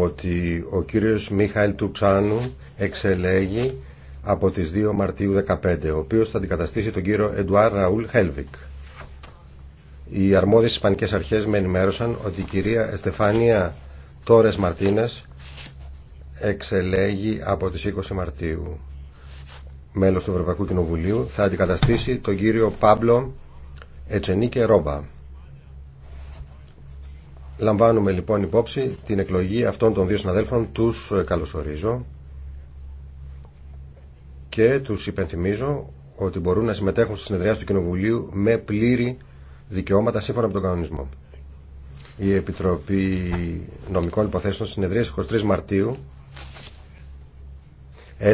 ότι ο κύριος Μίχαηλ Τουξάνου εξελέγει από τις 2 Μαρτίου 2015, ο οποίος θα αντικαταστήσει τον κύριο Εντουάρ Ραούλ Χέλβικ. Οι αρμόδιες ισπανικές αρχές με ενημέρωσαν ότι η κυρία Εστεφάνια Τόρες Μαρτίνες εξελέγει από τις 20 Μαρτίου. Μέλος του Ευρωπαϊκού Κοινοβουλίου θα αντικαταστήσει τον κύριο Πάμπλο Ετσενίκε Ρόμπα. Λαμβάνουμε λοιπόν υπόψη την εκλογή αυτών των δύο συναδέλφων. Τους ε, καλωσορίζω και τους υπενθυμίζω ότι μπορούν να συμμετέχουν στις συνεδριάσεις του Κοινοβουλίου με πλήρη δικαιώματα σύμφωνα με τον κανονισμό. Η Επιτροπή Νομικών Υποθέσεων συνεδρίασε 23 Μαρτίου